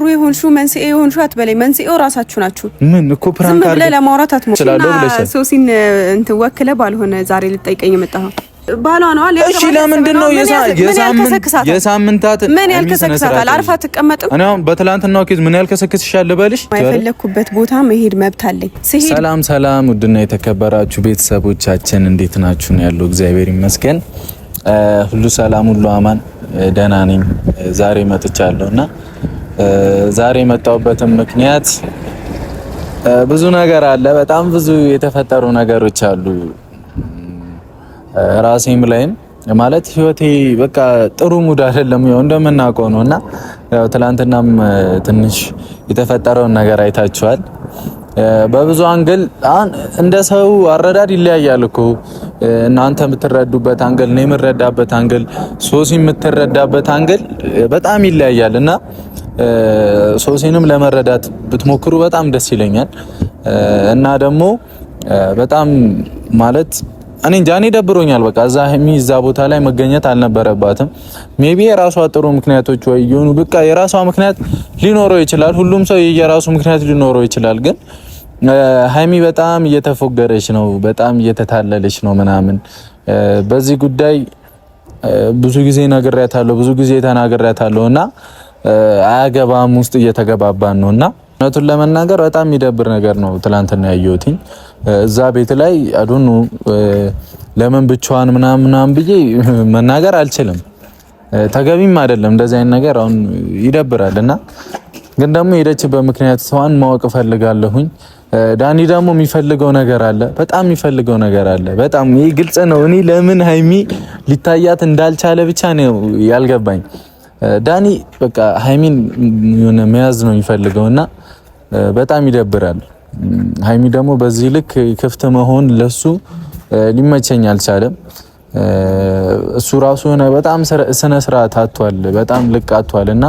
ሩ ይሁን ሹ መንስኤ ይሁን ሹ አትበላይ፣ መንስኤው ራሳችሁ ናችሁ። ምን እኮ ፕራንክ አድርገህ ለማውራት አትሞክር። ስላለው ሶሲን እንትን ወክለህ ባልሆነ ዛሬ ልጠይቀኝ የመጣኸው ባሏ ነው አለ። እሺ ለምንድን ነው የሳምንታት ምን ያልከሰክሳታል? አርፋ ትቀመጥም። እኔ አሁን በትላንትናው ኬዝ ምን ያልከሰክስሻል ልበልሽ? የፈለኩበት ቦታ መሄድ መብት አለኝ። ሰላም ሰላም፣ ውድና የተከበራችሁ ቤተሰቦቻችን እንዴት ናችሁ? ነው ያለው። እግዚአብሔር ይመስገን ሁሉ ሰላም፣ ሁሉ አማን፣ ደህና ነኝ። ዛሬ መጥቻለሁና ዛሬ የመጣሁበትም ምክንያት ብዙ ነገር አለ። በጣም ብዙ የተፈጠሩ ነገሮች አሉ። ራሴም ላይም ማለት ህይወቴ በቃ ጥሩ ሙድ አይደለም። ያው እንደምናውቀው ነው እና ያው ትላንትናም ትንሽ የተፈጠረውን ነገር አይታችኋል። በብዙ አንግል እንደ ሰው አረዳድ ይለያያል እኮ እናንተ የምትረዱበት አንግል፣ እኔ የምረዳበት አንግል፣ ሶሲ የምትረዳበት አንግል በጣም ይለያያል እና ሶሲንም ለመረዳት ብትሞክሩ በጣም ደስ ይለኛል። እና ደግሞ በጣም ማለት እኔ እንጃ እኔ ደብሮኛል። በቃ እዛ ሀይሚ እዛ ቦታ ላይ መገኘት አልነበረባትም። ሜቢ የራሷ ጥሩ ምክንያቶች ወይ የሆኑ በቃ የራሷ ምክንያት ሊኖረው ይችላል። ሁሉም ሰው የራሱ ምክንያት ሊኖረው ይችላል። ግን ሀይሚ በጣም እየተፎገረች ነው፣ በጣም እየተታለለች ነው ምናምን በዚህ ጉዳይ ብዙ ጊዜ ነግሬያታለሁ፣ ብዙ ጊዜ ተናግሬያታለሁ እና አያገባም ውስጥ እየተገባባን ነው እና እውነቱን ለመናገር በጣም የሚደብር ነገር ነው። ትላንትና ያየሁትኝ እዛ ቤት ላይ አዱኑ ለምን ብቻዋን ምናምናም ብዬ መናገር አልችልም። ተገቢም አይደለም እንደዚህ አይነት ነገር አሁን ይደብራል እና ግን ደግሞ ሄደችበት ምክንያት ሰዋን ማወቅ እፈልጋለሁኝ። ዳኒ ደግሞ የሚፈልገው ነገር አለ፣ በጣም የሚፈልገው ነገር አለ። በጣም ይህ ግልጽ ነው። እኔ ለምን ሀይሚ ሊታያት እንዳልቻለ ብቻ ነው ያልገባኝ። ዳኒ በቃ ሀይሚን የሆነ መያዝ ነው የሚፈልገው እና በጣም ይደብራል። ሀይሚ ደግሞ በዚህ ልክ ክፍት መሆን ለሱ ሊመቸኝ አልቻለም። እሱ ራሱ የሆነ በጣም ስነ ስርዓት አጥቷል፣ በጣም ልቅ አቷል እና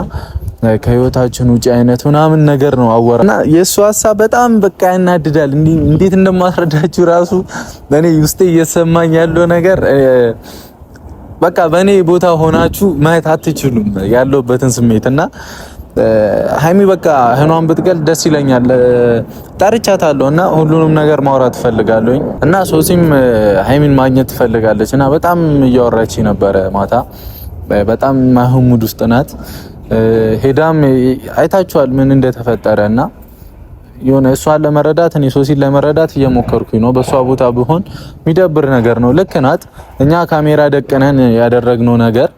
ከህይወታችን ውጪ አይነት ምናምን ነገር ነው አወራ እና የእሱ ሀሳብ በጣም በቃ ያናድዳል። እንዴት እንደማስረዳችሁ ራሱ እኔ ውስጤ እየሰማኝ ያለው ነገር በቃ በእኔ ቦታ ሆናችሁ ማየት አትችሉም ያለውበትን ስሜት እና ሀይሚ በቃ ህኗን ብትገል ደስ ይለኛል። ጠርቻታለሁ እና ሁሉንም ነገር ማውራት ትፈልጋለኝ እና ሶሲም ሀይሚን ማግኘት ትፈልጋለች እና በጣም እያወራች ነበረ ማታ። በጣም ማህሙድ ውስጥ ናት። ሄዳም አይታችኋል ምን እንደተፈጠረ እና የሆነ እሷን ለመረዳት እኔ ሶሲን ለመረዳት እየሞከርኩኝ ነው። በእሷ ቦታ ብሆን የሚደብር ነገር ነው። ልክ ናት። እኛ ካሜራ ደቅነን ያደረግነው ነገር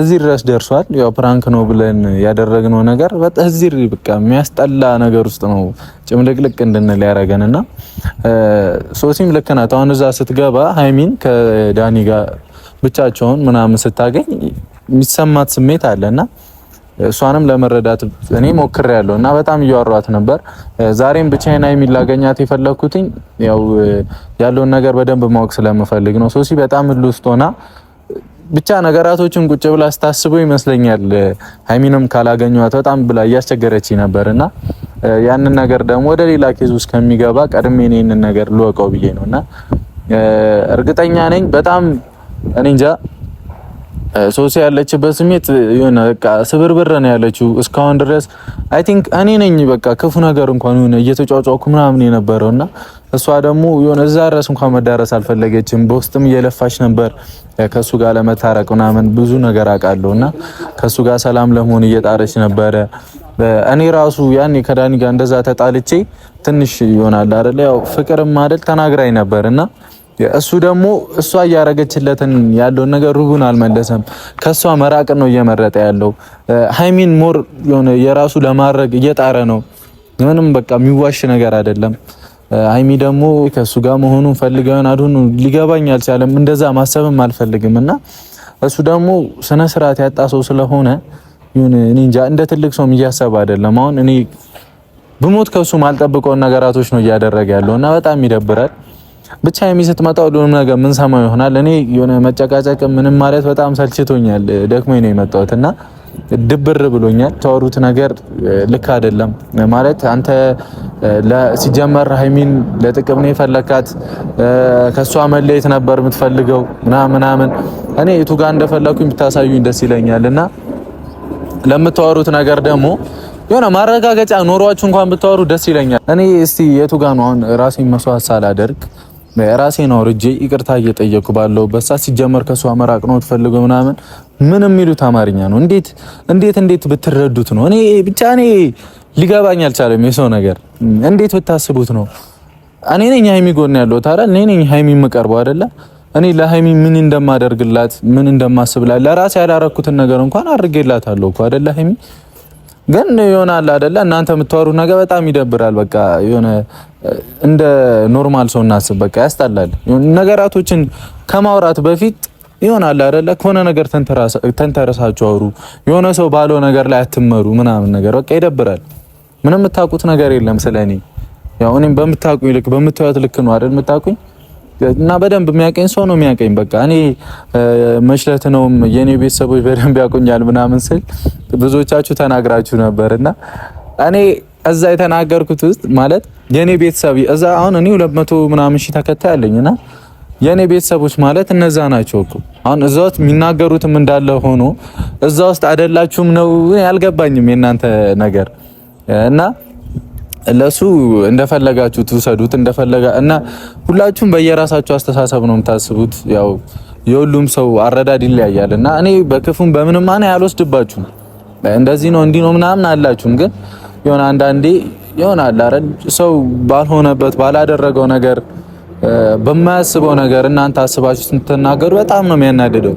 እዚህ ድረስ ደርሷል። ያው ፕራንክ ነው ብለን ያደረግነው ነገር እዚህ በቃ የሚያስጠላ ነገር ውስጥ ነው ጭምልቅልቅ እንድንል ያደረገን ሶሲም ልክ ናት። አሁን እዛ ስትገባ ሀይሚን ከዳኒ ጋር ብቻቸውን ምናምን ስታገኝ የሚሰማት ስሜት አለና። እና እሷንም ለመረዳት እኔ ሞክሬያለሁ እና በጣም እያወሯት ነበር። ዛሬም ብቻዬን ሀይሚን ላገኛት የፈለኩትኝ ያው ያለውን ነገር በደንብ ማወቅ ስለምፈልግ ነው። ሶሲ በጣም ሁሉ ውስጥ ሆና ብቻ ነገራቶችን ቁጭ ብላ ስታስበው ይመስለኛል ሀይሚንም ካላገኘኋት በጣም ብላ እያስቸገረች ነበርና ያንን ነገር ደግሞ ወደ ሌላ ኬዝ ውስጥ ከሚገባ ቀድሜ ይህንን ነገር ልወቀው ብዬ ነውና እርግጠኛ ነኝ በጣም እኔ እንጃ ሶሲ ያለችበት ስሜት የሆነ በቃ ስብርብር ነው ያለችው። እስካሁን ድረስ አይ ቲንክ እኔ ነኝ በቃ ክፉ ነገር እንኳን የሆነ እየተጫጫኩ ምናምን የነበረው እና እሷ ደግሞ የሆነ እዛ ድረስ እንኳን መዳረስ አልፈለገችም። በውስጥም እየለፋች ነበር ከእሱ ጋር ለመታረቅ ምናምን ብዙ ነገር አውቃለሁ እና ከእሱ ጋር ሰላም ለመሆን እየጣረች ነበረ። እኔ ራሱ ያኔ ከዳኒ ጋር እንደዛ ተጣልቼ ትንሽ ይሆናል አይደል ያው ፍቅርም አይደል ተናግራኝ ነበር እና እሱ ደግሞ እሷ እያረገችለትን ያለውን ነገር ሩቡን አልመለሰም። ከእሷ መራቅን ነው እየመረጠ ያለው። ሀይሚን ሞር የሆነ የራሱ ለማድረግ እየጣረ ነው። ምንም በቃ የሚዋሽ ነገር አይደለም። ሀይሚ ደግሞ ከእሱ ጋር መሆኑን ፈልገን አድሁን ሊገባኝ አልቻለም። እንደዛ ማሰብም አልፈልግም እና እሱ ደግሞ ስነ ስርዓት ያጣ ሰው ስለሆነ እንጃ እንደ ትልቅ ሰውም እያሰብ አይደለም። አሁን እኔ ብሞት ከእሱ ማልጠብቀውን ነገራቶች ነው እያደረገ ያለው እና በጣም ይደብራል። ብቻ የሚስትመጣ ሁሉንም ነገር ሰማ ይሆናል። እኔ የሆነ መጨቃጨቅ ምንም ማለት በጣም ሰልችቶኛል፣ ደክሞኝ ነው የመጣሁት እና ድብር ብሎኛል። ተወሩት ነገር ልክ አይደለም ማለት አንተ ሲጀመር ሀይሚን ለጥቅም ነው የፈለካት፣ ከሷ መለየት ነበር የምትፈልገው ምናምን። እኔ የቱ ጋር እንደፈለኩኝ ብታሳዩኝ ደስ ይለኛል እና ለምታወሩት ነገር ደግሞ የሆነ ማረጋገጫ ኖሯችሁ እንኳን ብታወሩ ደስ ይለኛል። እኔ እስቲ የቱ ጋር ነው አሁን ራሴን መስዋዕት ሳላደርግ ነው አውርጄ ይቅርታ እየጠየኩ ባለሁበት ሰዓት ሲጀመር ከሷ መራቅ ነው ትፈልገው ምናምን ምን የሚሉት አማርኛ ነው? እንዴት እንዴት እንዴት ብትረዱት ነው? እኔ ብቻ እኔ ሊገባኝ አልቻለም። የሰው ነገር እንዴት ብታስቡት ነው? እኔ ነኝ ሀይሚ ጎን ያለው ታዲያ እኔ ነኝ ሀይሚ የምቀርበው አይደለ? እኔ ለሀይሚ ምን እንደማደርግላት ምን እንደማስብላት ለራሴ ያላረኩትን ነገር እንኳን አድርጌላታለሁ እኮ አይደለ ሀይሚ ግን ይሆናል አይደለ? እናንተ የምታወሩት ነገር በጣም ይደብራል። በቃ የሆነ እንደ ኖርማል ሰው እናስብ። በቃ ያስጠላል። ነገራቶችን ከማውራት በፊት ይሆናል አይደለ? ከሆነ ነገር ተንተረሳችሁ አውሩ። የሆነ ሰው ባለው ነገር ላይ አትመሩ ምናምን ነገር በቃ ይደብራል። ምንም የምታውቁት ነገር የለም ስለኔ። ያው እኔም በምታውቁኝ ልክ በምታዩት ልክ ነው አይደል የምታውቁኝ እና በደንብ የሚያቀኝ ሰው ነው የሚያቀኝ። በቃ እኔ መሽለት ነውም የኔ ቤተሰቦች በደንብ ያቆኛል ምናምን ስል ብዙዎቻችሁ ተናግራችሁ እና እኔ እዛ የተናገርኩት ውስጥ ማለት የኔ ቤተሰብ እዛ አሁን እኔ መቶ ምናምን ሺህ ተከታይ እና የኔ ቤተሰቦች ማለት እነዛ ናቸው እኮ አሁን እዛ ውስጥ የሚናገሩትም እንዳለ ሆኖ እዛ ውስጥ አይደላችሁም ነው ያልገባኝም የእናንተ ነገር እና ለሱ እንደፈለጋችሁ ትውሰዱት እንደፈለጋ እና ሁላችሁም በየራሳችሁ አስተሳሰብ ነው የምታስቡት። ያው የሁሉም ሰው አረዳድ ይለያያል እና እኔ በክፉም በምንም ማን አልወስድባችሁም እንደዚህ ነው እንዲህ ነው ምናምን አላችሁም። ግን የሆነ አንዳንዴ ይሆናል አይደል ሰው ባልሆነበት ባላደረገው ነገር በማያስበው ነገር እናንተ አስባችሁ ስትናገሩ በጣም ነው የሚያናድደው።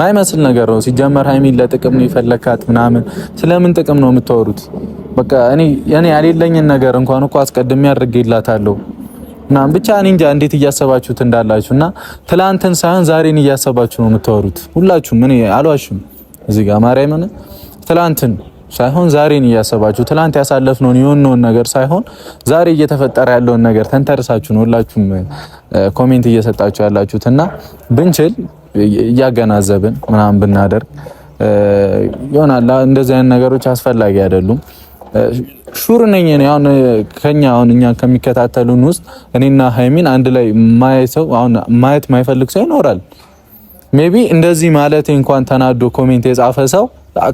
ማይመስል ነገር ነው ሲጀመር። ሀይሚን ለጥቅም ነው የፈለካት ምናምን። ስለምን ጥቅም ነው የምታወሩት? በቃ እኔ እኔ ያሌለኝን ነገር እንኳን እኮ አስቀድሜ አድርጌላታለሁ። እና ብቻ እኔ እንጃ እንዴት እያሰባችሁት እንዳላችሁ እና ትላንትን ሳይሆን ዛሬን እያሰባችሁ ነው የምታወሩት ሁላችሁም። እኔ አልዋሽም እዚህ ጋር ማርያምን ትላንትን ሳይሆን ዛሬን እያሰባችሁ ትላንት ያሳለፍነውን የሆነውን ነገር ሳይሆን ዛሬ እየተፈጠረ ያለውን ነገር ተንተርሳችሁ ነው ሁላችሁም ኮሜንት እየሰጣችሁ ያላችሁት እና ብንችል እያገናዘብን ምናምን ብናደርግ ይሆናል። እንደዚህ አይነት ነገሮች አስፈላጊ አይደሉም። ሹር ነኝ እኔ አሁን ከኛ አሁን እኛ ከሚከታተሉን ውስጥ እኔና ሀይሚን አንድ ላይ ማየት ሰው አሁን ማየት ማይፈልግ ሰው ይኖራል። ሜቢ እንደዚህ ማለት እንኳን ተናዶ ኮሜንት የጻፈ ሰው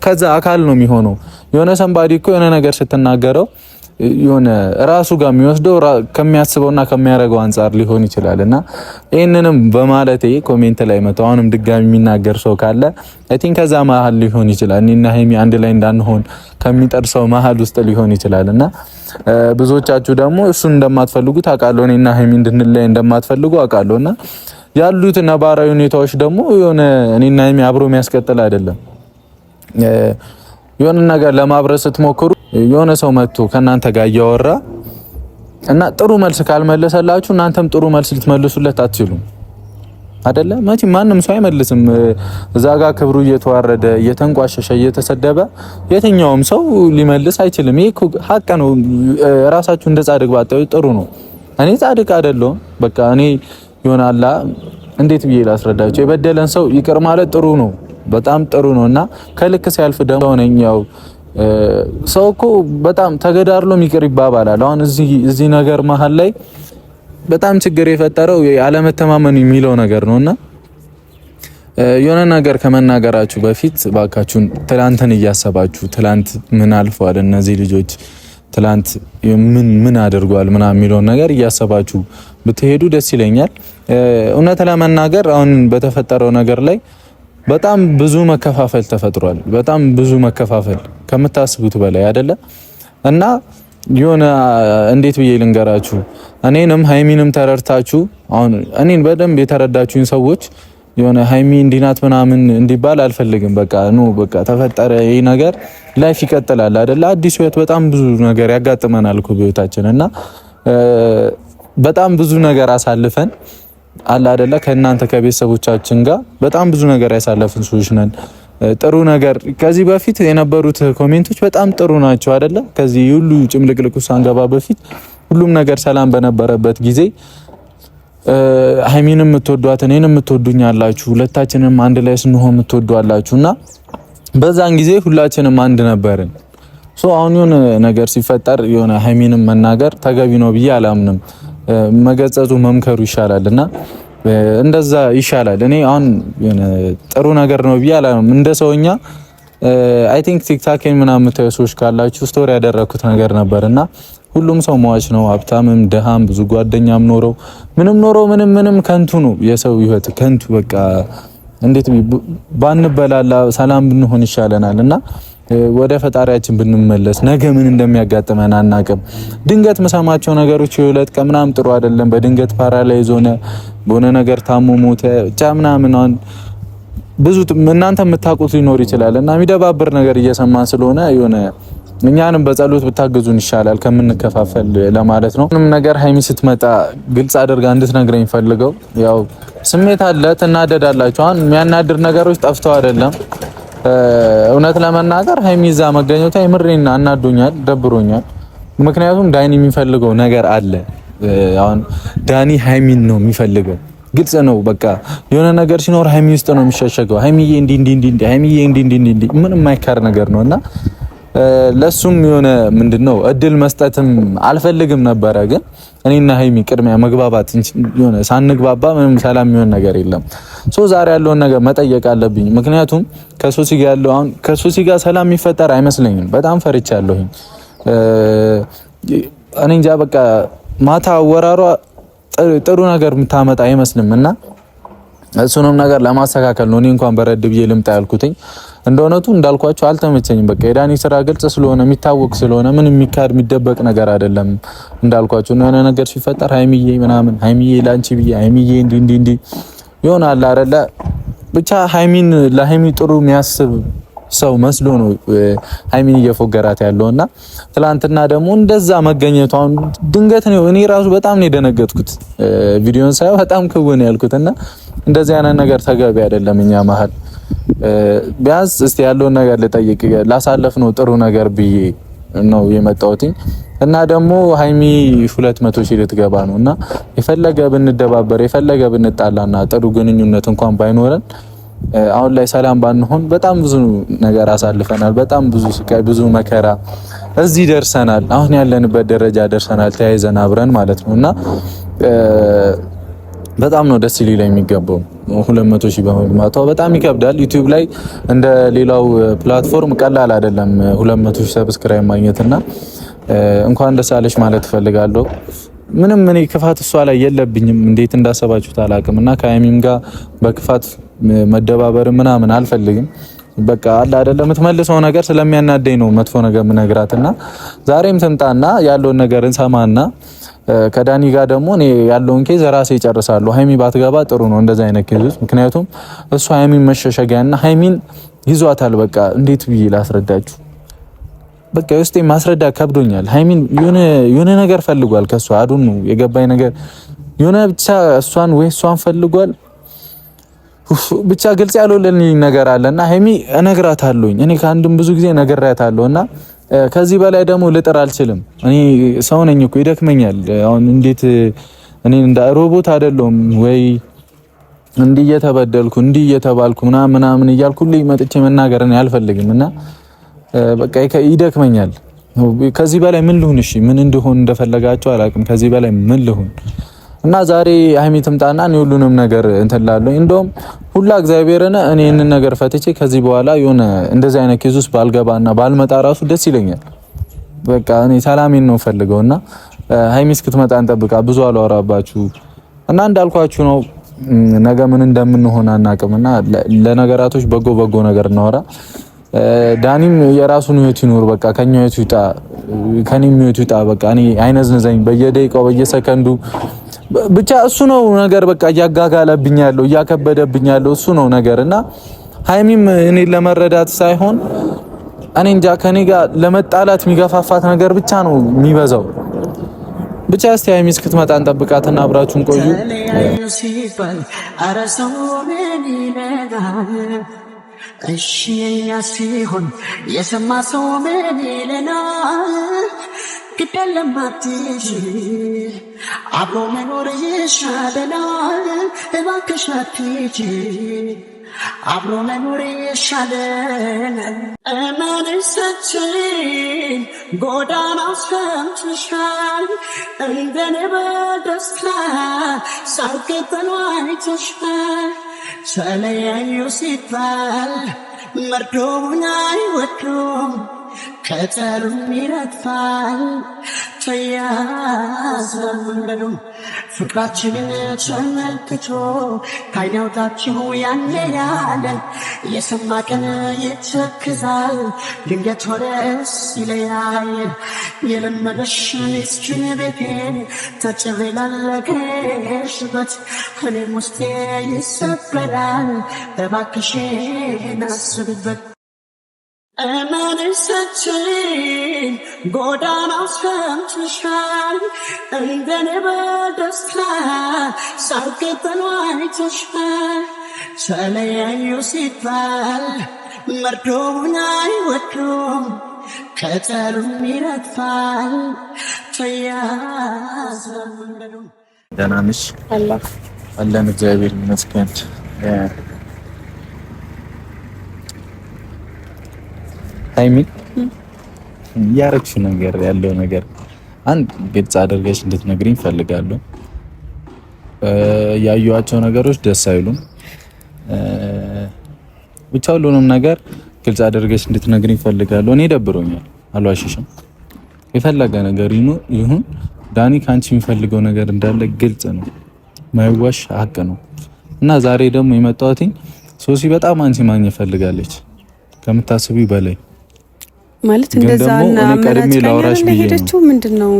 ከዛ አካል ነው የሚሆነው። የሆነ ሰንባዲ እኮ የሆነ ነገር ስትናገረው የሆነ ራሱ ጋር የሚወስደው ከሚያስበውና ከሚያደርገው አንጻር ሊሆን ይችላል እና ይህንንም በማለቴ ኮሜንት ላይ መተው አሁንም ድጋሚ የሚናገር ሰው ካለ አይ ቲንክ ከዛ መሀል ሊሆን ይችላል እኔና ሀይሚ አንድ ላይ እንዳንሆን ከሚጠርሰው መሀል ውስጥ ሊሆን ይችላል እና ብዙዎቻችሁ ደግሞ እሱን እንደማትፈልጉ ታውቃለሁ። እኔና ሀይሚ እንድንለይ እንደማትፈልጉ አውቃለሁ እና ያሉት ነባራዊ ሁኔታዎች ደግሞ የሆነ እኔና ሀይሚ አብሮ የሚያስቀጥል አይደለም። የሆነ ነገር ለማብረስ ስትሞክሩ የሆነ ሰው መጥቶ ከእናንተ ጋር እያወራ እና ጥሩ መልስ ካልመለሰላችሁ እናንተም ጥሩ መልስ ልትመልሱለት አትችሉም። አይደለ መቼ ማንም ሰው አይመልስም። እዛ ጋር ክብሩ እየተዋረደ እየተንቋሸሸ እየተሰደበ የትኛውም ሰው ሊመልስ አይችልም። ይሄ ሀቅ ነው። ራሳችሁ እንደ ጻድቅ ባታዩ ጥሩ ነው። እኔ ጻድቅ አይደለሁም። በቃ እኔ ይሆናላ እንዴት ብዬ የበደለን ሰው ይቅር ማለት ጥሩ ነው። በጣም ጥሩ ነው እና ከልክ ሲያልፍ ደግሞ ሆነኛው ሰው እኮ በጣም ተገዳድሎ ይቅር ይባባላል። አሁን እዚህ ነገር መሀል ላይ በጣም ችግር የፈጠረው አለመተማመን የሚለው ነገር ነው እና የሆነ ነገር ከመናገራችሁ በፊት ባካችሁን ትላንትን እያሰባችሁ ትላንት ምን አልፈዋል እነዚህ ልጆች ትላንት ምን ምን አድርጓል ምናምን የሚለውን ነገር እያሰባችሁ ብትሄዱ ደስ ይለኛል። እውነት ለመናገር አሁን በተፈጠረው ነገር ላይ በጣም ብዙ መከፋፈል ተፈጥሯል። በጣም ብዙ መከፋፈል ከምታስቡት በላይ አይደለ እና የሆነ እንዴት ብዬ ልንገራችሁ፣ እኔንም ሀይሚንም ተረድታችሁ አሁን እኔን በደንብ የተረዳችሁኝ ሰዎች የሆነ ሀይሚ እንዲናት ምናምን እንዲባል አልፈልግም። በቃ ኑ በቃ ተፈጠረ ይህ ነገር ላይፍ ይቀጥላል አይደለ? አዲስ ህይወት በጣም ብዙ ነገር ያጋጥመናል እኮ በህይወታችን እና በጣም ብዙ ነገር አሳልፈን አለ አይደለ ከእናንተ ከቤተሰቦቻችን ጋር በጣም ብዙ ነገር ያሳለፍን ሰዎች ነን። ጥሩ ነገር ከዚህ በፊት የነበሩት ኮሜንቶች በጣም ጥሩ ናቸው አይደለ? ከዚህ ሁሉ ጭምልቅልቁ ሳንገባ በፊት ሁሉም ነገር ሰላም በነበረበት ጊዜ ሀይሚንም የምትወዷት እኔንም የምትወዱኝ አላችሁ፣ ሁለታችንም አንድ ላይ ስንሆን የምትወዱ አላችሁ እና በዛን ጊዜ ሁላችንም አንድ ነበርን። ሶ አሁን የሆነ ነገር ሲፈጠር የሆነ ሀይሚንም መናገር ተገቢ ነው ብዬ አላምንም። መገጸጹ መምከሩ ይሻላል እና እንደዛ ይሻላል። እኔ አሁን ጥሩ ነገር ነው ብዬ አላለም። እንደ ሰውኛ አይ ቲንክ ቲክታክን ምናምን የምታዩ ሰዎች ካላችሁ ስቶሪ ያደረኩት ነገር ነበር እና ሁሉም ሰው መዋች ነው፣ ሀብታምም ድሃም፣ ብዙ ጓደኛም ኖረው ምንም ኖረው ምንም ምንም ከንቱ ነው የሰው ህይወት ከንቱ በቃ እንዴት ባንበላላ ሰላም ብንሆን ይሻለናል እና ወደ ፈጣሪያችን ብንመለስ ነገ ምን እንደሚያጋጥመን አናቅም። ድንገት መሰማቸው ነገሮች የሁለት ቀን ምናምን ጥሩ አይደለም። በድንገት ፓራላይዝ ሆነ፣ በሆነ ነገር ታሞ ሞተ፣ ብቻ ምናምን ብዙ እናንተ የምታውቁት ሊኖር ይችላል እና የሚደባብር ነገር እየሰማን ስለሆነ የሆነ እኛንም በጸሎት ብታገዙን ይሻላል ከምንከፋፈል ለማለት ነው። ምንም ነገር ሀይሚ ስትመጣ ግልጽ አድርጋ እንድትነግረኝ ፈልገው። ያው ስሜት አለ ትናደዳላችሁ። አሁን የሚያናድር ነገሮች ጠፍተው አይደለም እውነት ለመናገር ሀይሚ እዛ መገኘቷ የምሬና አናዶኛል፣ ደብሮኛል። ምክንያቱም ዳኒ የሚፈልገው ነገር አለ። አሁን ዳኒ ሀይሚን ነው የሚፈልገው፣ ግልጽ ነው። በቃ የሆነ ነገር ሲኖር ሀይሚ ውስጥ ነው የሚሸሸገው። ሀይሚዬ እንዲህ እንዲህ እንዲህ፣ ሀይሚዬ እንዲህ እንዲህ እንዲህ፣ ምን የማይካር ነገር ነው እና ለሱም የሆነ ምንድነው እድል መስጠትም አልፈልግም ነበረ ግን እኔና ሀይሚ ቅድሚያ መግባባት ሆነ ሳንግባባ ምንም ሰላም የሚሆን ነገር የለም። ሶ ዛሬ ያለውን ነገር መጠየቅ አለብኝ። ምክንያቱም ከሶሲ ጋር ያለው አሁን ከሶሲ ጋር ሰላም የሚፈጠር አይመስለኝም። በጣም ፈርቻለሁኝ። እኔ እንጃ በቃ ማታ አወራሯ ጥሩ ነገር የምታመጣ አይመስልም እና እሱንም ነገር ለማስተካከል ነው እኔ እንኳን በረድ ብዬ ልምጣ ያልኩትኝ እንደ እውነቱ እንዳልኳቸው አልተመቸኝም። በቃ የዳኒ ስራ ግልጽ ስለሆነ የሚታወቅ ስለሆነ ምን የሚካድ የሚደበቅ ነገር አይደለም። እንዳልኳቸው የሆነ ነገር ሲፈጠር ሀይሚዬ ምናምን ሀይሚዬ ላንቺ ብዬ ሀይሚዬ እንዲ እንዲ እንዲ ይሆናል አይደለ? ብቻ ሀይሚን ለሀይሚ ጥሩ የሚያስብ ሰው መስሎ ነው ሀይሚን እየፎገራት ያለውና ትላንትና ደግሞ እንደዛ መገኘቱ አሁን ድንገት ነው። እኔ ራሱ በጣም ነው የደነገጥኩት ቪዲዮን ሳይ በጣም ክውን ያልኩትና እንደዚህ አይነት ነገር ተገቢ አይደለም እኛ መሀል ቢያንስ እስቲ ያለውን ነገር ልጠይቅ ላሳለፍ ነው ጥሩ ነገር ብዬ ነው የመጣሁትኝ። እና ደግሞ ሀይሚ ሁለት መቶ ሺህ ልትገባ ነው እና የፈለገ ብንደባበር የፈለገ ብንጣላና ጥሩ ግንኙነት እንኳን ባይኖረን አሁን ላይ ሰላም ባንሆን በጣም ብዙ ነገር አሳልፈናል። በጣም ብዙ ስቃይ፣ ብዙ መከራ እዚህ ደርሰናል። አሁን ያለንበት ደረጃ ደርሰናል። ተያይዘን አብረን ማለት ነው እና በጣም ነው ደስ ሊላ የሚገባው 200 ሺህ በመግባቷ በጣም ይከብዳል። ዩቲዩብ ላይ እንደ ሌላው ፕላትፎርም ቀላል አይደለም 200 ሺህ ሰብስክራይብ ማግኘትና እንኳን ደስ አለሽ ማለት እፈልጋለሁ። ምንም እኔ ክፋት እሷ ላይ የለብኝም። እንዴት እንዳሰባችሁት አላቅም እና ከአይሚም ጋር በክፋት መደባበር ምናምን አልፈልግም። በቃ አለ አይደለም የምትመልሰው ነገር ስለሚያናደኝ ነው መጥፎ ነገር ምነግራትና ዛሬም ትምጣና ያለውን ነገር እንሰማና ከዳኒ ጋር ደግሞ እኔ ያለውን ኬዝ ራሴ ይጨርሳለሁ። ሀይሚ ባትገባ ጥሩ ነው እንደዚህ አይነት ኬዞች፣ ምክንያቱም እሱ ሀይሚን መሸሸጊያና ሀይሚን ይዟታል። በቃ እንዴት ብዬ ላስረዳችሁ? በቃ ውስጤ ማስረዳ ከብዶኛል። ሀይሚን የሆነ ነገር ፈልጓል ከእሷ አዱኑ የገባኝ ነገር የሆነ ብቻ እሷን ወይ እሷን ፈልጓል ብቻ ግልጽ ያለውልን ነገር አለና ሀይሚ እነግራታለሁኝ። እኔ ከአንድም ብዙ ጊዜ እነግራታለሁ እና ከዚህ በላይ ደግሞ ልጥር አልችልም። እኔ ሰው ነኝ እኮ ይደክመኛል። አሁን እንዴት እኔ እንደ ሮቦት አይደለሁም ወይ እንዲህ እየተበደልኩ እንዲህ እየተባልኩ ምናምን ምናምን እያልኩ ሁሌ መጥቼ መናገር እኔ አልፈልግም እና በቃ ይደክመኛል። ከዚህ በላይ ምን ልሁን? እሺ ምን እንደሆን እንደፈለጋቸው አላውቅም። ከዚህ በላይ ምን ልሁን? እና ዛሬ ሀይሚ ትምጣና እኔ ሁሉንም ነገር እንትን እላለሁ። እንደውም ሁላ እግዚአብሔርን እኔ ይህንን ነገር ፈትቼ ከዚህ በኋላ የሆነ እንደዚህ አይነት ኬዝ ውስጥ ባልገባና ባልመጣ ራሱ ደስ ይለኛል። በቃ እኔ ሰላሜን ነው ፈልገው እና ሀይሚ እስክትመጣ እንጠብቃ። ብዙ አላወራባችሁ እና እንዳልኳችሁ ነው ነገ ምን እንደምንሆን አናውቅም እና ለነገራቶች በጎ በጎ ነገር እናወራ። ዳኒም የራሱን ህይወት ይኖር፣ በቃ ከኛ ህይወት ይውጣ፣ ከኔም ህይወት ይውጣ። በቃ እኔ አይነዝንዘኝ በየደቂቃው በየሰከንዱ ብቻ እሱ ነው ነገር በቃ እያጋጋለብኝ ያለው እያከበደብኝ ያለው እሱ ነው ነገር እና ሀይሚም እኔ ለመረዳት ሳይሆን እኔ እንጃ ከኔ ጋር ለመጣላት የሚገፋፋት ነገር ብቻ ነው የሚበዛው። ብቻ እስቲ ሀይሚ እስክትመጣ እንጠብቃትና አብራችሁን ቆዩ። እሺ የኛ ሲሆን የሰማ ሰው ምን ይለናል? ግድ የለም አትሽ አብሮ መኖር ይሻለናል፣ እባክሽ አትሽ አብሮ መኖር ይሻለናል። እመንሰችን ጎዳና አስከምትሻል እንደኔ በደስታ ሳርቅጥኗይተሻል ተለያዩ ሲባል መርዶውን አይወዱም ከጠሉም ይረግፋል ፈያዝ በመንገዱ ፍቅራችንን ተመልክቶ ካይናውታችሁ ያለ የሰማ ቀን ይተክዛል ድንገት ሆነስ ይለያየን የለመደሽ ምስኪን ቤቴን ተጭሬላለገሽበት እኔም ውስጤ ይሰበራል እባክሽን ናስብበት እመንሽ ሰችኝ ጎዳናው ሰምትሻል እንደኔ በደስታ ሳቅብሎ አይተሻል። ተለያዩ ሲባል መርዶውን አይወዱም ከጠሉም ይረግፋል ተያዝ ደህና ነሽ? አለን እግዚአብሔር ይመስገን። ሀይሚን ያረግሹ ነገር ያለው ነገር አንድ ግልጽ አድርገሽ እንድትነግሪኝ ይፈልጋሉ። ያዩዋቸው ነገሮች ደስ አይሉም። ብቻ ሁሉንም ነገር ግልጽ አድርገሽ እንድትነግሪኝ ይፈልጋሉ። እኔ ደብሮኛል፣ አልዋሽሽም። የፈለገ ነገር ይሁን ዳኒ ከአንቺ የሚፈልገው ነገር እንዳለ ግልጽ ነው፣ ማይዋሽ ሀቅ ነው። እና ዛሬ ደግሞ የመጣሁት ሶሲ በጣም አንቺ ማግኘት ፈልጋለች ከምታስቢ በላይ ማለት እንደዛ እና ቀድሜ ላውራሽ ብዬ ሄደችው። ምንድን ነው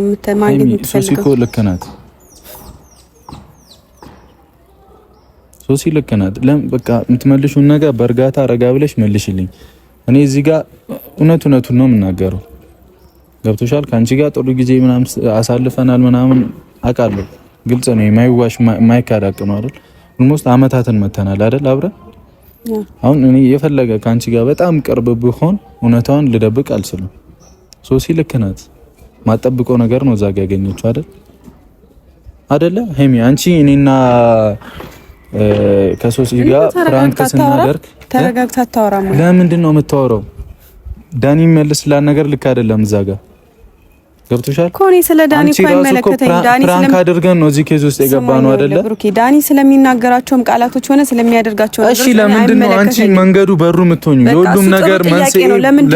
ማግኘት የምትፈልገው? ሶሲ እኮ ልክ ናት። ሶሲ ልክ ናት። ለምን በቃ የምትመልሹን ነገር በእርጋታ ረጋ ብለሽ መልሽልኝ። እኔ እዚህ ጋር እውነት እውነቱን ነው የምናገረው። ገብቶሻል? ከአንቺ ጋር ጥሩ ጊዜ ምናምን አሳልፈናል ምናምን አውቃለሁ። ግልጽ ነው። የማይዋሽ የማይካድ አቅም አይደል? ኦልሞስት አመታትን መተናል አይደል አብረን አሁን እኔ የፈለገ ከአንቺ ጋር በጣም ቅርብ ብሆን እውነታውን ልደብቅ አልችልም። ሶሲ ልክ ናት። ማጠብቀው ነገር ነው እዛ ጋ ያገኘችው አይደል አይደለ? ሄሚ አንቺ እኔና ከሶሲ ጋር ፍራንክ ስናደርግ ተረጋግታ አታወራም። ለምንድን ነው የምታወራው? ዳኒ መልስ ላን ነገር ልክ አይደለም እዛ ጋር ገብቶሻል እኮ እኔ ስለ ዳኒ እኮ አይመለከተኝ። ዳኒ ፕራንክ አድርገን ነው እዚህ ኬዝ ውስጥ የገባ ነው አይደለ? ብሩኬ ዳኒ ስለሚናገራቸውም ቃላቶች ሆነ ስለሚያደርጋቸው እሺ፣ ለምንድን ነው አንቺ መንገዱ በሩ የምትሆኙ? የሁሉም ነገር መንስኤ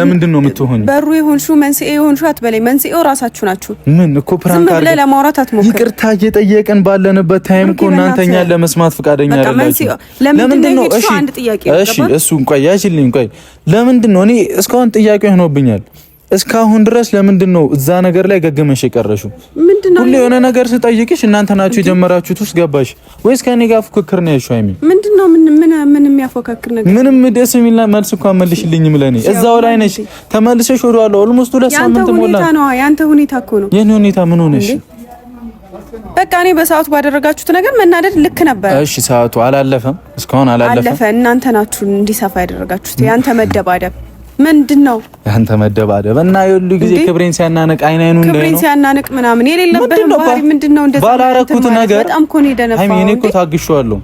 ለምንድን ነው የምትሆኙ? በሩ የሆንሹ መንስኤ የሆንሹ አትበለኝ። መንስኤው ራሳችሁ ናችሁ። ምን እኮ ፕራንክ አድርገን ብለህ ለማውራት አትሞክር። ይቅርታ እየጠየቅን ባለንበት ታይም እኮ እናንተኛ ለመስማት ፈቃደኛ አይደላችሁ። ለምንድን ነው እሺ፣ አንድ ጥያቄ እሺ፣ እሱ ቆይ ያችልኝ፣ ቆይ ለምንድን ነው እኔ እስካሁን ጥያቄ ሆኖብኛል። እስካሁን ድረስ ለምንድን ነው እዛ ነገር ላይ ገግመሽ የቀረሽው? ሁሌ የሆነ ነገር ስጠይቅሽ እናንተ ናችሁ የጀመራችሁት ውስጥ ገባሽ ወይስ ከኔ ጋር ፉክክር ነው ያልሽው? አይሚ ምንድነው? ምን ምን ምን የሚያፎካክር ነገር ምንም ደስ የሚል መልስ እንኳን መልሽልኝም። ለኔ እዛው ላይ ነሽ፣ ተመልሰሽ ወደ ኋላ ኦልሞስት ሁለት ሳምንት ሞላ። ያንተ ሁኔታ ነው ያንተ ሁኔታ እኮ ነው የኔ ሁኔታ። ምን ሆነሽ? በቃ እኔ በሰዓቱ ባደረጋችሁት ነገር መናደድ ልክ ነበር። እሺ ሰዓቱ አላለፈም፣ እስካሁን አላለፈ። እናንተ ናችሁ እንዲሰፋ ያደረጋችሁት ያንተ መደባደብ ምንድን ነው ያንተ መደባደብ እና የሁሉ ጊዜ ክብሬን ሲያናነቅ አይናይኑ አይኑ እንደ ክብሬን ሲያናነቅ ምናምን የሌለበትን ባህሪ ምንድን ነው? እንደዛ ባላረኩት ነገር በጣም ኮን ይደነፋ አይሚ እኔ እኮ ታግሼዋለሁ።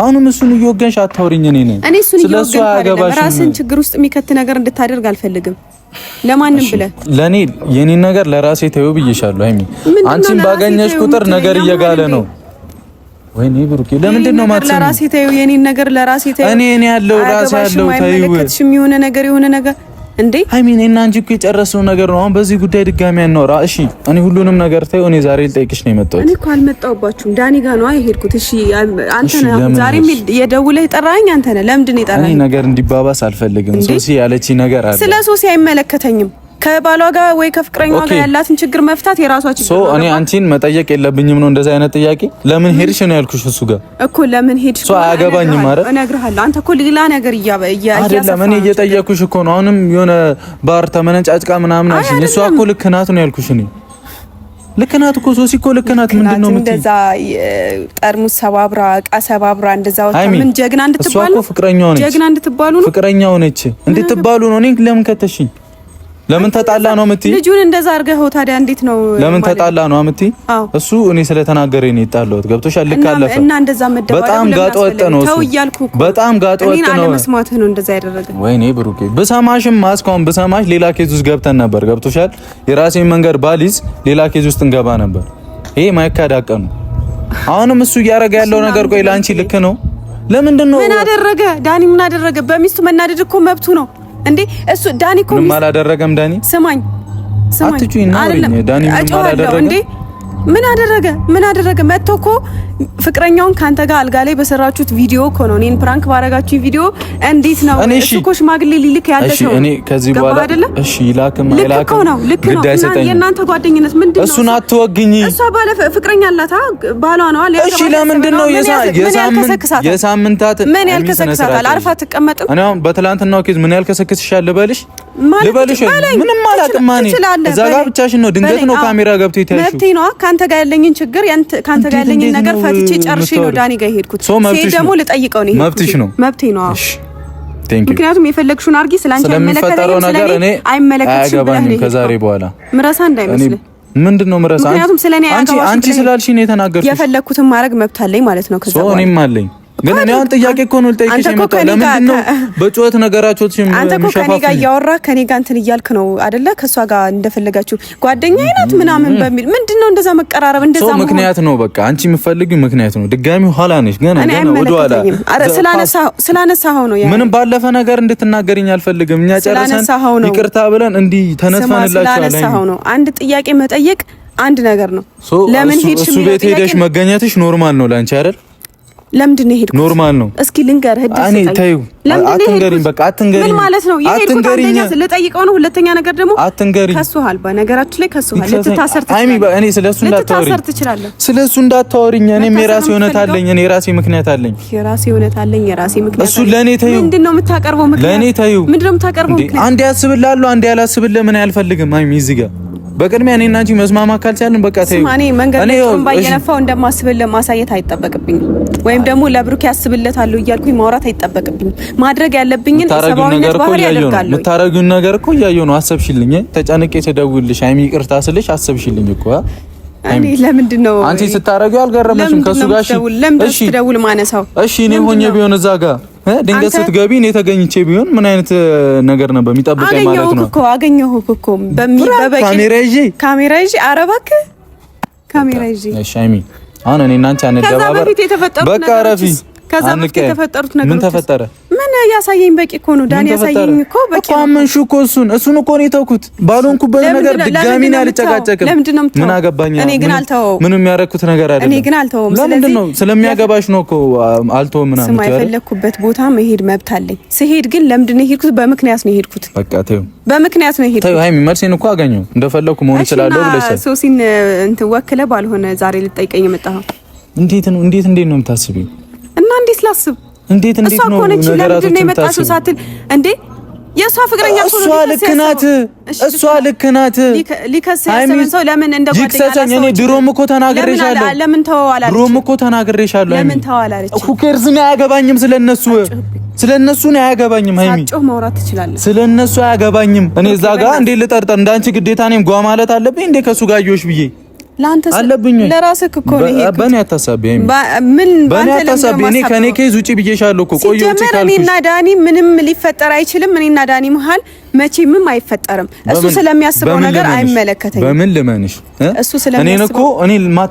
አሁንም እሱን እየወገንሽ አታውሪኝ። እኔ ነኝ እኔ እሱን እየወገንሽ ራስን ችግር ውስጥ የሚከት ነገር እንድታደርግ አልፈልግም። ለማንም ብለህ ለኔ የኔን ነገር ለራሴ ተይው ብዬሻለሁ። አይሚ አንቺን ባገኘሽ ቁጥር ነገር እየጋለ ነው ወይኔ ብሩኬ ለምንድን ነው ማለት ነው? ለራሴ ታዩ የኔን ነገር ለራሴ ታዩ እኔ እኔ ያለው ራሴ ያለው ታዩ የሆነ ነገር የሆነ ነገር እንዴ አይ ሚን እና አንቺ እኮ የጨረስነው ነገር ነው። አሁን በዚህ ጉዳይ ድጋሚ ያናወራ። እሺ እኔ ሁሉንም ነገር ታዩ። እኔ ዛሬ ልጠይቅሽ ነው የመጣሁት። እኔ እኮ አልመጣሁባችሁም። ዳኒ ጋር ነው የሄድኩት። እሺ አንተ ነህ ዛሬም የደውለህ የጠራኸኝ አንተ ነህ። ለምንድን ነው የጠራኸኝ? እኔ ነገር እንዲባባስ አልፈልግም። ሶሲ ያለችኝ ነገር አለ። ስለ ሶሲ አይመለከተኝም። ከባሏ ጋር ወይ ከፍቅረኛ ጋር ያላትን ችግር መፍታት የራሷ ችግር ነው። እኔ አንቺን መጠየቅ የለብኝም ነው እንደዚህ አይነት ጥያቄ። ለምን ሄድሽ ነው ያልኩሽ። እሱ ጋር እኮ ለምን ሄድሽ ሶ አያገባኝም። ኧረ እነግርሃለሁ። አንተ እኮ ሌላ ነገር አይደለም እኔ እየጠየኩሽ እኮ ነው። አሁንም የሆነ ባር ተመነጫጭቃ ምናምን አልሽኝ። እሷ እኮ ልክ ናት ነው ያልኩሽ እኔ ልክ እኮ ሶሲ እኮ ልክ ናት። ምንድን ነው እንደዛ ጠርሙስ ሰባብራ እቃ ሰባብራ እንደዛ ወጣ። ምን ጀግና እንድትባሉ ጀግና እንድትባሉ ነው ፍቅረኛው ነች እንድትባሉ ነው። እኔ ለምን ከተሽኝ ለምን ተጣላ ነው የምትይ? ልጁን እንደዛ አድርገኸው ታዲያ እንዴት ነው? ለምን ተጣላ ነው የምትይ? እሱ እኔ ስለተናገረኝ ነው የጣላሁት። ገብቶሻል? ልክ አለፈ እና እንደዛ መደባ በጣም ጋጠ ወጥ ነው። እሱ በጣም ጋጠ ወጥ ነው። እኔ አለመስማትህ ነው እንደዛ ያደረገ። ወይኔ ብሩኬ፣ ብሰማሽማ እስካሁን ብሰማሽ ሌላ ኬዝ ውስጥ ገብተን ነበር። ገብቶሻል? የራሴን መንገድ ባሊዝ ሌላ ኬዝ ውስጥ እንገባ ነበር። ይሄ ማይካድ ሀቅ አሁንም እሱ እያደረገ ያለው ነገር ቆይ፣ ለአንቺ ልክ ነው? ለምንድን ነው ምን አደረገ ዳኒ? ምን አደረገ? በሚስቱ መናደድ እኮ መብቱ ነው። እንዴ እሱ ዳኒ እኮ ምንም አላደረገም። ዳኒ ስማኝ ስማኝ፣ አትጩኝ። ነው ዳኒ ምንም አላደረገም። ምን አደረገ? ምን አደረገ? መጥቶ እኮ ፍቅረኛውን ካንተ ጋር አልጋ ላይ በሰራችሁት ቪዲዮ እኮ ነው። እኔን ፕራንክ ባረጋችሁ ቪዲዮ እንዴት ነው? እሱ እኮ ሽማግሌ ሊልክ ያለ ሰው እኔ ከዚህ በኋላ እሺ፣ ይላክም አይላክም ነው። ልክ ነው። እና የእናንተ ጓደኝነት ምንድነው? እሱን አትወግኝ። እሷ ባለ ፍቅረኛ አላት፣ ባሏ ነው አለ። እሺ፣ ለምንድን ነው የሳምንታት ምን ያልከሰክሳታል? አርፋ አትቀመጥም። እኔ አሁን በትላንትናው ኬዝ ምን ያልከሰክስሻል ልበልሽ ልበልሽ ምንም አላውቅም። እዛ ጋር ብቻሽን ነው? ድንገት ነው ካሜራ ገብቶ የታየሽው? መብቴ ነው። ካንተ ጋር ያለኝን ችግር ካንተ ጋር ያለኝን ነገር ፈትቼ ጨርሼ ነው ዳኒ ጋር የሄድኩት። ሲሄድ ደግሞ ልጠይቀው ነው። መብትሽ ነው። መብቴ ነው። ምክንያቱም የፈለግሽውን አድርጊ። ስላንቺ አይመለከተኝም፣ ስለኔ አይመለከትሽም ብለህ ከዛሬ በኋላ ምረሳ እንዳይመስል ምንድን ነው ምረሳ? ምክንያቱም ስለኔ አንቺ ስላልሽኝ ነው የተናገርኩት። የፈለግኩትን ማድረግ መብት አለኝ ማለት ነው። ከዛ እኔም አለኝ ግን እኔ አሁን ጥያቄ እኮ ነው ልጠይቅሽ የመጣው። ለምንድን ነው በጩኸት ነገራችሁት? ሲም አንተ እኮ ከኔ ጋር እያወራህ ከኔ ጋር እንትን እያልክ ነው አይደለ? ከእሷ ጋር እንደፈለጋችሁ ጓደኛ አይነት ምናምን በሚል ምንድን ነው እንደዛ መቀራረብ? እንደዛ ምክንያት ነው በቃ። አንቺ የምትፈልጊው ምክንያት ነው። ድጋሚ ኋላ ነሽ ገና ገና ወደ ኋላ ስላነሳኸው ነው። ምንም ባለፈ ነገር እንድትናገርኝ አልፈልግም። እኛ ጨርሰን ይቅርታ ብለን እንዲህ ተነስፈንላችኋል ነው። አንድ ጥያቄ መጠየቅ አንድ ነገር ነው። ለምን ሄድሽ? ቤት ሄደሽ መገኘትሽ ኖርማል ነው ለአንቺ አይደል? ለምንድን ነው የሄድኩት? ኖርማል ነው። እስኪ ልንገርህ፣ አትንገሪኝ። በቃ አትንገሪኝ። ምን ማለት ነው የሄድኩት? አንደኛ ስለጠይቀው ነው፣ ሁለተኛ ነገር ደግሞ አትንገሪኝ። ከሱሃል፣ በነገራችሁ ላይ ከሱሃል። ልትታሰር ትችላለህ። እኔ እሱ እንዳታወሪኝ፣ ስለ እሱ እንዳታወሪኝ። እኔም የራሴ እውነት አለኝ፣ እኔ የራሴ ምክንያት አለኝ፣ የራሴ እውነት አለኝ፣ የራሴ ምክንያት። እሱ ለእኔ ተይው። ምንድን ነው የምታቀርበው ምክንያት? ለእኔ ተይው። ምንድን ነው የምታቀርበው ምክንያት? አንዴ ያስብልሃለሁ፣ አንዴ ያላስብልህ። ምን አልፈልግም። አይሚ እዚህ ጋር በቅድሚያ እኔ እና አንቺ መስማማት ካልቻልን በቃ ተይው። እኔ መንገድ ላይ ጥምባ እየነፋው እንደማስብል ማሳየት አይጠበቅብኝም፣ ወይም ደግሞ ለብሩክ ያስብለታል እያልኩኝ ማውራት አይጠበቅብኝም። ማድረግ ያለብኝን ሰባዊነት ባህሪ ያደርጋለሁ። የምታረጊውን ነገር እኮ እያየሁ ነው። አሰብሽልኝ፣ ተጨንቄ ስደውልልሽ፣ አይሚ ይቅርታ ስልሽ አሰብሽልኝ እኮ እኔ ለምንድን ነው አንቺ ስታረጊው አልገረመሽም? ከሱ ጋር እሺ፣ ለምን ትደውል ማነሳው? እሺ፣ እኔ ሆኜ ቢሆን እዛ ጋር ድንገት ስትገቢ እኔ ተገኝቼ ቢሆን ምን አይነት ነገር ነበር የሚጠብቀኝ ማለት ነው? አገኘሁህ እኮ በበቂ ካሜራ ይዤ ካሜራ ይዤ ኧረ እባክህ ካሜራ ይዤ። እሺ አይሚ አሁን እኔ እና አንቺ አንደባበር። በቃ ረፊ፣ ከዛ በፊት የተፈጠሩት ነገሮች ምን ተፈጠረ? ምን ያሳየኝ በቂ እኮ ነው ዳን፣ ያሳየኝ እኮ በቂ ነው። አመንሽ እኮ እሱን እሱን እኮ ነው የተውኩት። ባልሆንኩበት ነገር ድጋሚ ነው አልጨቃጨቅም። ምን አገባኝ? እኔ ግን አልተውም። ምንም ያደረኩት ነገር አይደለም። እኔ ግን አልተውም። ስለዚህ ስለሚያገባሽ ነው እኮ አልተውም። ምናምን ስማ፣ የፈለኩበት ቦታ መሄድ መብት አለኝ። ስሄድ ግን ለምንድን ነው የሄድኩት? በምክንያት ነው የሄድኩት። በቃ ተይው፣ በምክንያት ነው የሄድኩት። ተይው ሀይሚ፣ መልሴን እኮ አገኘው። እንደፈለኩ መሆን እችላለሁ ብለሻል። ሶሲን እንትን ወክለህ ባልሆነ ዛሬ ልጠይቀኝ የመጣኸው እንዴት ነው? እንዴት እንዴት ነው የምታስቢው? እና እንዴት ላስብ እንዴት እንዴት ነው ነገራቶችን የመጣችው ሳትል እንዴ የእሷ ፍቅረኛ እኮ እሷ ልክ ናት፣ እሷ ልክ ናት። ሰው ለምን እንደ ጓደኛ እኔ ድሮም እኮ ተናግሬሻለሁ። ለምን ተዋላለች? ድሮም እኮ ተናግሬሻለሁ። ለምን ተዋላለች? ሁከርዝ ነው አያገባኝም። ስለነሱ ስለነሱ ነው አያገባኝም። ሀይሚ ሳጮህ ማውራት ትችላለህ። ስለነሱ አያገባኝም። እኔ እዛ ጋር እንዴ ልጠርጠር? እንዳንቺ ግዴታ እኔም ጓ ማለት አለብኝ እንዴ ከሱ ጋር አየሁሽ ብዬ ለአንተ አለብኝ ለራስህ እኮ ነው። ይሄ በኔ አታሳቢ ምን በእኔ አታሳቢ እኔ ከኔ ኬዝ ውጪ ብዬሻለሁ እኮ ቆየሁ። እኔና ዳኒ ምንም ሊፈጠር አይችልም። እኔና ዳኒ መሃል መቼምም አይፈጠርም። እሱ ስለሚያስበው ነገር አይመለከተኝም። በምን ልመንሽ? እሱ ስለሚያስበው እኔ በምን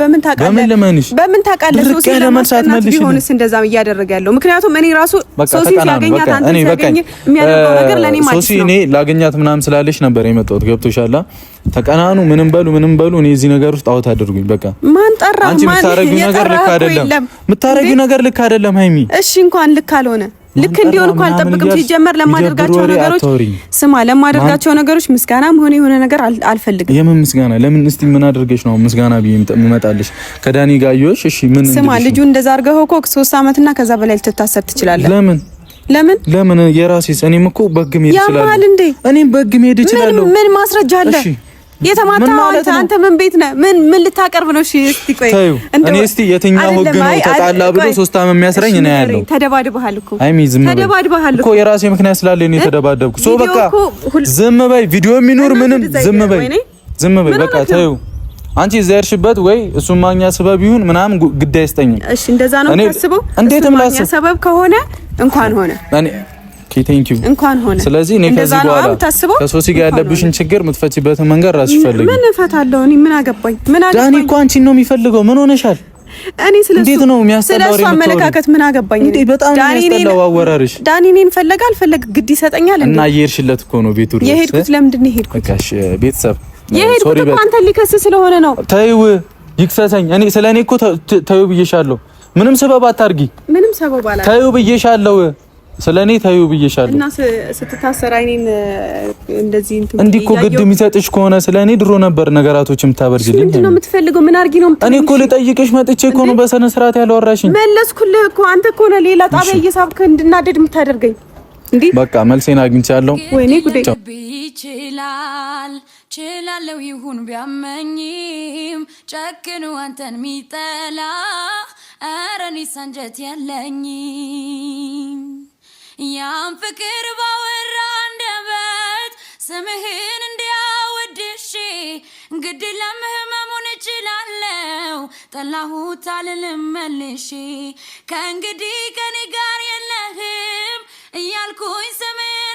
በምን በምን ቢሆንስ ምክንያቱም እኔ ራሱ ሶሲ የሚያደርገው ነገር ላገኛት ምናምን ስላለሽ ነበር የመጣሁት። ገብቶሻላ? ተቀናኑ ምንም በሉ ምንም በሉ። እኔ እዚህ ነገር ውስጥ አውት አድርጉኝ። በቃ ማን ጠራ? ማን የጠራ? አይደለም። የምታረጊው ነገር ልክ አይደለም ሀይሚ። እሺ እንኳን ልክ አልሆነ ልክ እንዲሆን እኮ አልጠብቅም። ሲጀመር ለማደርጋቸው ነገሮች ስማ፣ ለማደርጋቸው ነገሮች ምስጋናም ሆነ የሆነ ነገር አልፈልግም። የምን ምስጋና? ለምን እስቲ ምን አድርገሽ ነው ምስጋና ብዬ እመጣለሽ? ከዳኒ ጋር አየሁሽ። እሺ ምን? ስማ፣ ልጁ እንደዛ አድርገህ እኮ ሶስት አመትና ከዛ በላይ ልትታሰር ትችላለህ። ለምን ለምን ለምን? የራሴስ እኔም እኮ በግም ሄድ እችላለሁ። ያማል እንዴ? እኔም በግም ሄድ ይችላል። ምን ምን ማስረጃ አለ? እሺ የተማታ አንተ ምን ቤት ነህ? ምን ምን ልታቀርብ ነው? እሺ እስቲ ቆይ እኔ እስቲ የትኛው ህግ ነው ተጣላ ብሎ ሶስት ዓመት የሚያስረኝ? እኔ ያለው ተደባድበሃል እኮ አይሚ፣ ዝም በይ እኮ የራሴ ምክንያት ስላለ እኔ ተደባደብኩ። ሶ በቃ ዝም በይ፣ ቪዲዮ የሚኖር ምንም ዝም በይ፣ ዝም በይ፣ በቃ ተይው። አንቺ እዛ ያርሽበት ወይ እሱን ማግኛ ሰበብ ይሁን ምናምን ግድ አይስጠኝም። እሺ እንደዛ ነው የምታስበው? እንዴትም ላስብ ሰበብ ከሆነ እንኳን ሆነ ቴንክ ዩ እንኳን ሆነ። ስለዚህ እኔ ከዚህ በኋላ ከሶሲ ጋር ያለብሽን ችግር የምትፈቺበትን መንገድ ራስሽ ፈልጊ። ምን እፈታለሁ? እኔ ምን አገባኝ? ምን አገባኝ? ዳኒ እኮ አንቺን ነው የሚፈልገው። ምን ሆነሻል? እኔ ስለሱ ነው ስለሱ አመለካከት ምን አገባኝ? እንዴ በጣም የሚያስጠላው አወራርሽ። ዳኒ እኔን ፈለገ አልፈለገ ግድ ይሰጠኛል እንዴ? እና እየሄድሽለት እኮ ነው ቤቱ ድረስ የሄድኩት። ለምንድን ነው የሄድኩት? በቃ እሺ ቤተሰብ የሄድኩት እኮ አንተ ሊከስ ስለሆነ ነው። ተይው ይክሰሰኝ። እኔ ስለ እኔ እኮ ተይው ብዬሻለሁ። ምንም ሰበብ አታርጊ። ምንም ሰበብ አላርጊ። ተይው ብዬሻለሁ። ስለ እኔ ታዩ ብዬሻለሁ እና ስትታሰራ አይኔን እንደዚህ እንትን እንዲህ እኮ ግድ የሚሰጥሽ ከሆነ ስለ እኔ ድሮ ነበር ነገራቶች የምታበርድልኝ። ምንድን ነው የምትፈልገው? ምን አድርጊ ነው እኔ እኮ ልጠይቅሽ መጥቼ እኮ ነው በሰነ ስርዓት ያለው አወራሽኝ። መለስኩልህ እኮ አንተ እኮ ነው ሌላ ጣቢያ እየሳብክ እንድናደድ የምታደርገኝ። እንዴ በቃ መልሴን አግኝቻለሁ። ወይኔ ጉዴ ይችላል ችላለው ይሁን ቢያመኝም ጨክኑ አንተን ሚጠላ አረኒስ አንጀት የለኝም ያም ፍቅር ባወራ አንደበት ስምህን እንዲያወድሼ ግድለም ህመሙን እችላለው ጠላሁት አልልም ከእንግዲህ ከኔ ጋር የለህም እያልኩኝ ስም